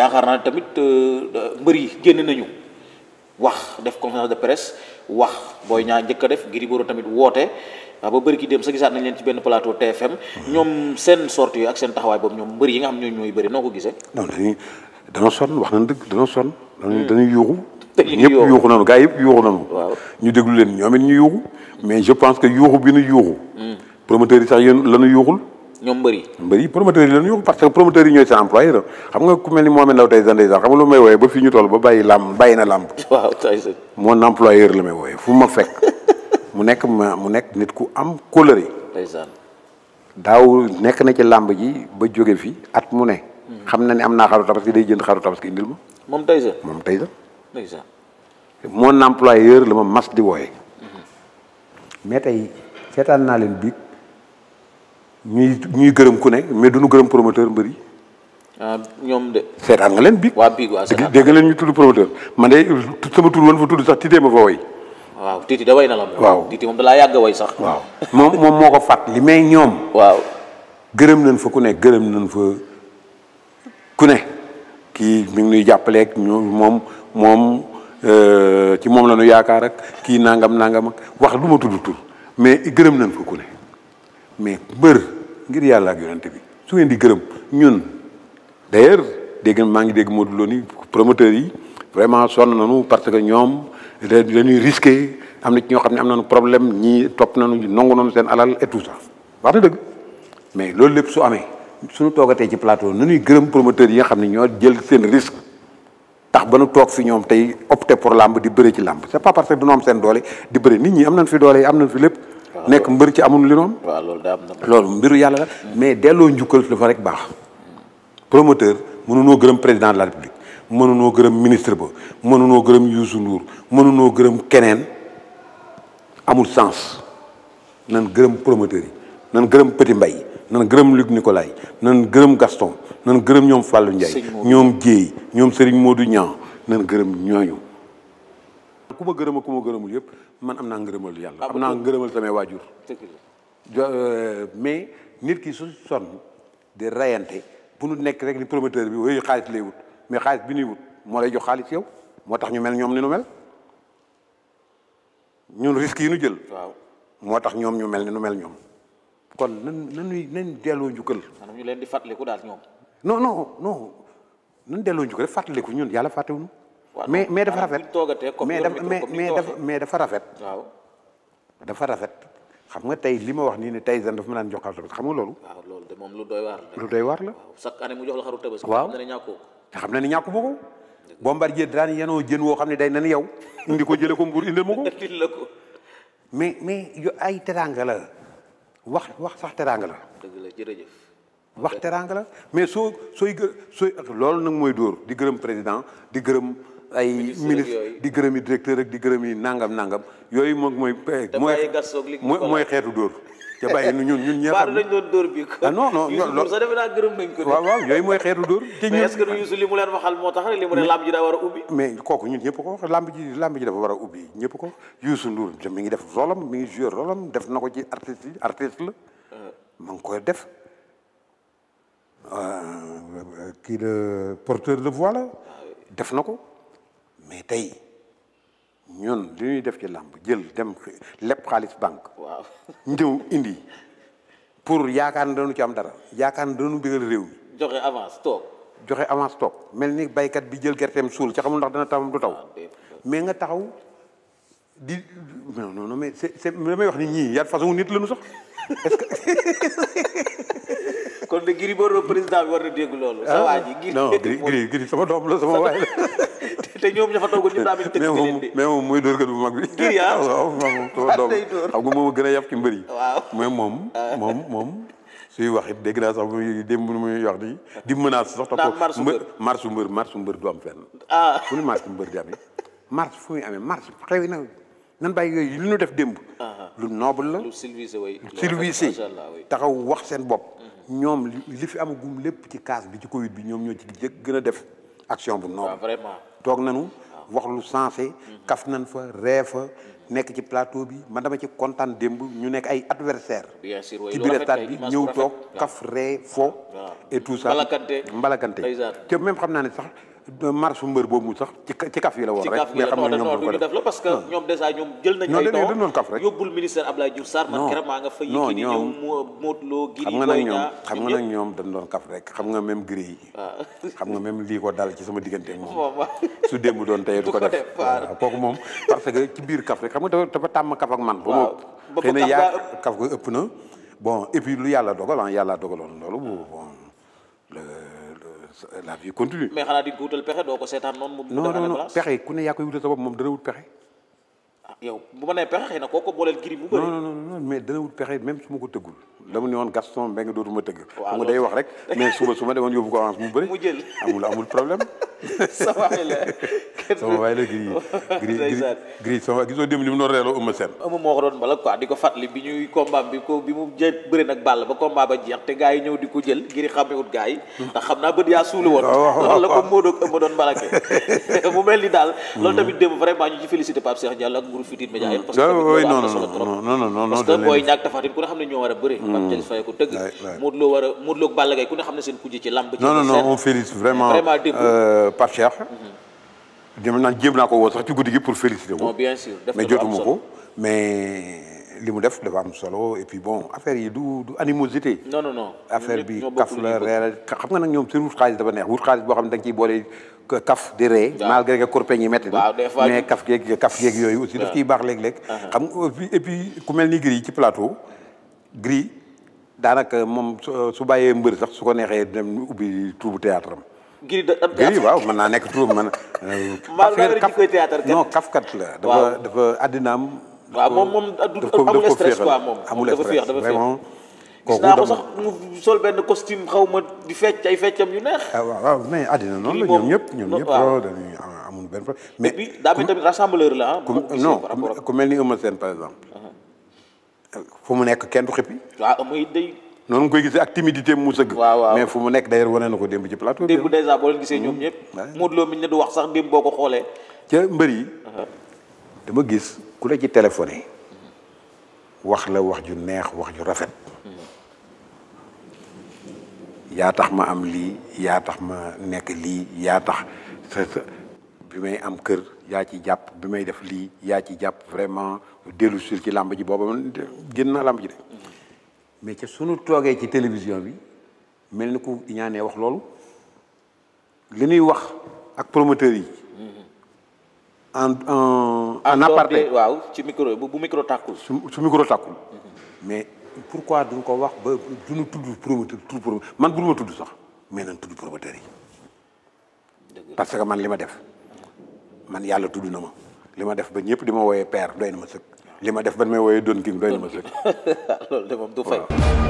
yaakaar naa tamit euh, mbër yi génn nañu wax def conférence de presse wax booy ñaa njëkk a def Gris Bordeaux tamit woote waaw ba bëri ki dem sa gisaat nañ leen ci benn plateau TFM ñoom seen sortie ak seen taxawaay boobu ñoom mbër yi nga xam ñooy ñooy bëri noo ko gisee. non dañuy dañoo sonn wax nañ dëgg dañoo sonn. dañuy hmm. dañuy yuuxu. ñëpp yuuxu nañu gaa yëpp yuuxu nañu. waaw ñu déglu leen ñoom it ñu yuuxu mais je pense que yuuxu bi nu yuuxu. Hmm. promoteur yi sax yéen la ñu yuuxul. ñoom mbër yi mbër yi promoteurs yi la que promoteurs yi ñooy la xam nga ku mel ni Mohamed Ndao tey sax ndeysaan xam nga lu may wooyee ba fii ñu toll ba bàyyi làmb bàyyi na làmb waaw may wooyee fu ma fekk mu nekk ma mu nekk nit ku am kóllëre ndeysaan daaw nekk na ci làmb ji ba jóge fi at mu ne hmm. xam na ne am naa xaru tabaski day jënd xaru tabaski indil ma moom Tyson moom Tyson ndeysaan mon employeur la ma mas di wooyee hmm. mais tey seetaan naa leen biig ñuy ñuy gërëm ku ne mais duñu gërëm promoteur mbër yi. Ah, ñoom de. seetaan nga leen biig. waa biig waa seetaan dégg nga leen ñu tudd promoteur man de sama tur woon fa tudd sax Tite ma fa woy. waaw Tite da way na la moom. waaw Tite moom da laa yàgg sax. waaw moom moom moo ko fàttali mais ñoom. waaw gërëm nañ fa ku gërëm nañ fa ku ne kii mi ngi nuy jàppaleeg ñoom moom moom euh, ci moom la ñu yaakaar rek kii nangam nangam ak wax lu ma tudd tur mais gërëm nañ fa ku ne. mais mbër ngir yàlla ak yonent bi su ngeen di gërëm ñun d'ailleurs dégg maa ngi dégg Modou Lo ni promoteurs yi vraiment sonn nañu parce que ñoom dañuy risqué am na ci ñoo xam ne am na nañu problème ñii topp na nañu nangu nañu seen alal et tout ça wax na dëgg mais loolu lépp su amee su suñu toogatee ci plateau nu ñuy gërëm promoteurs yi nga xam ne ñoo jël seen risque tax ba nu toog fi ñoom tey opté pour làmb di bëre ci làmb c'est pas parce que dañoo am seen doole di nit ñi am nañ fi doole am nañ fi lépp nekk mbër ci amul li noonu. waaw loolu loolu mbiru yàlla la mais delloo njukkal dafa rek baax. promoteur mënunoo gërëm président de la république mënunoo gërëm ministre ba mënunoo gërëm Youssou Ndour mënunoo gërëm keneen amul sens nan gërëm promoteur yi nan gërëm Petit mbay nan gërëm Luc Nicolaï nan gërëm Gaston nan gërëm ñoom Fallou Ndiaye ñoom Dieye ñoom Serigne moodu Niang nan gërëm ñooñu. ku ma gërëma ku ma gërëmul yëpp man am naa ngërëmal yàlla am naa ngërëmal samay waajur euh, mais nit ki su son di rayante bu nu nekk rek ni promoteur bi wéyu xaalis lay wut mais xaalis bi ñuy wut moo lay jox xaalis yow moo tax ñu mel ñoom ni nu mel ñun risques yi nu jël waaw moo tax ñoom ñu mel ni nu mel ñoom kon nan nanuy nañ delloo njukkal maanaam ñu leen di fàttaliku daal ñoom non delloo njukkal rek fàttaliku ñun yàlla fàttewuñu mais mais dafa rafet mais dafa mais dafa mais dafa rafet. waaw dafa rafet. xam nga tey li ma wax nii ne tey def ma naan jox xaru tabaski xam nga loolu. waaw loolu moom lu doy waar la. lu doy waar la. chaque année mu jox la xaru tabaski. xam na ne ñàkkoo ko. xam na ne ñàkku ma ko. Bombardier daan yenoo jën wo xam ne day nan yow. indi ko ko mbuur indil ma ko. indil la ko. mais mais yu ay teraanga la wax wax sax teraanga la. dëgg la jërëjëf. wax teraanga la mais soo sooy gë sooy loolu nag mooy dóor di gërëm président di gërëm. ay ministre di gërëm yi directeur ak di gërëm yi nangam nangam yooyu moom mooy mooy xeetu dóor ca bàyyi ñun ñun ñëpp baal nañ doon dóor bi ah non non loolu sax defe naa gërëm nañ ko waaw waaw yooyu mooy xeetu dóor te ñun est-ce que du Youssou li mu leen waxal moo tax rek li mu ne làmb ji daa war a ubbi mais kooku ñun ñëpp ko làmb ji làmb ji dafa war a ubbi ñëpp ko Youssou Ndour mi ngi def rolam mi ngi joué rolam def na ko ci artiste yi artiste la euh. ma ngi koy def euh, kii le porteur de voix la ah def na ko mais tey ñun li ñuy def ci làmp jël dem lépp xaalis banque. waaw ñëw indi pour yaakaar ne dañu ci am dara yaakaar ne dañu bëggal réew mi. joxe avance toog. joxe avance toog mel ni baykat bi jël gerte gerteem suul ci xamul ndax dana tawam du taw. Ah, mais nga taxaw di non non mais c'est c'est damay wax ni ñii yan façon nit la ñu sax est-ce que. kon de Gris Bordeaux président bi war na dégg loolu. Ah, sa waa ji Gris sama doom la te ñoom ña fa toogoon moom mais moom mooy dóorkat bu mag bi. kii moom xam gën a yaf ci mbër yi. waaw moom ah. moom moom. suy wax it dégg naa sax muy démb nu muy wax di di menace sax. naan marche mbër marche mbër mbër du am fenn. ah fu ñu marche mbër di amee. marche fu muy amee marche xew na nan bàyyi yooyu lu ñu def démb. Ah. lu noble la lu civilisé way. taxaw wax seen bopp. Mm-hmm. ñoom li fi am gum lépp ci kaas bi ci Covid bi ñoom ñoo ci gën a def. action bu noonu. vraiment toog nañu. wax lu sensé. Mhm. kaf nañ fa reefa mhm. nekk ci plateau bi man dama ci kontaan démb ñu nekk ay adversaire ci biir bi ñëw toog kaf ree fo. et tout ça mbalakante mbalakante te même xam naa ne sax. marche mbër boobu sax ci ci kaf yi la woon rek. mais xam nga ñoom duñu def la parce xam nga nag ñoom xam doon kaf rek xam nga même giri yi ah. xam nga même lii ko dal ci sama diggante moom su démb doon tey du ko def waaw kooku moom parce que ci biir kaf rek xam nga dafa tàmm kaf ak man ba moom na yaa kaf ko ëpp na bon et lu yàlla dogal ah yàlla dogaloon loolu bon la vie continue. mais xanaa di ko pexe doo ko seetaan noonu. mu non non pexe ku ne yaa koy wutal sa bopp moom dana wut pexe. ah yow bu ma nee pexe xëy na koo ko booleel giri bu bëri. mais dana wut pexe même su ma ko tëggul. dama ne woon Gaston Mbengue dootuma tëgg. waaw xam nga day wax rek su ma demoon yóbbu ko avance mu bëri. mu problème. sama waay la. sama la gisoo dem li mu doon reeloo Eumeu Sène. Eumeu moo ko doon mbala bi ñuy combat bi mu jë bëre nag Balla ba ba yi di ko jël ngir xamewut gars ah, mu mel ni daal. loolu mm-hmm. tamit démb vraiment ñu ci félicité Pape Cheikh ak groupe Futurs Médias yëpp. parce que ah, tamit loolu ku ne xam ne ñoo war a bëre. Pape mm. Thialis tëgg. Modou Lo war a Modou Lo ak ku ne xam ne seen kujje ci lamb. ci non non on félicite vraiment euh, parce Cheikh. dem naan jéem naa ko woo sax ci guddi gi pour féliciter ko. bien sûr mais jotuma ko mais li mu def dafa am solo et puis bon affaire yi du du animosité. non non non affaire bi kaf la reer xam nga nag ñoom seen wut xaalis neex wut xaalis boo xam ne da nga ciy boole kaf di ree. waaw malgré que corpeñ yi métti na. mais kaf geeg kaf geeg yooyu aussi daf ciy baax léeg-léeg. Ah, ah. xam nga et puis ku mel ni Gris ci plateau Gris daanaka moom su bàyyee mbër sax su ko neexee dem ubbi troubu théâtre am giri da am théâtre giri naa nekk turam mën na. ji koy théâtre non kafkat la. dafa dafa àddinaam. waaw moom moom amul stress quoi moom amul stress vraiment. kooku dama gis naa ko sax benn costume xaw ma di fecc ay feccam yu neex. ah waaw mais àddina noonu la ñoom ñëpp. ñoom ñëpp loolu oh, ah, amul benn problème. mais daa mel tamit rassembleur la ah. ku mel ni Eumeu Sène par exemple. Uh-huh. fu mu nekk kenn du xippi. waaw mooy day. noonu nga koy gisee ak timidité mu sëgg mais fu mu nekk d'ailleurs wane na ko démb ci plateau démb dèjà boo leen gisee ñoom hmm. ñëpp Modou Lo mi ñu ne du wax sax démb boo ko xoolee ca mbër yi uh-huh. dama gis ku la ci téléphoné wax la wax ju neex wax ju rafet hmm. yaa tax ma am lii yaa tax ma nekk lii yaa tax bi may am kër yaa ci jàpp bi may def lii yaa ci jàpp vraiment dellu sur ci làmb ji booba man génn ji de mais ca suñu toogee ci télévision bi mel ni ku ñaanee wax loolu li nuy wax ak promoteurs yi. en en en aparté waaw ci micro bu micro tàkkul. su su micro tàkkul. mais pourquoi duñ ko wax ba duñu tudd promoteur tudd promoteur man bu ma tudd sax mais nañ tudd promoteurs yi. parce que man li ma def man yàlla tudd na ma. li ma def ba ñëpp di ma wooyee père doy na ma sëkk. li ma def ban may woowee Don King doy na ma sëkk loolu de moom du fay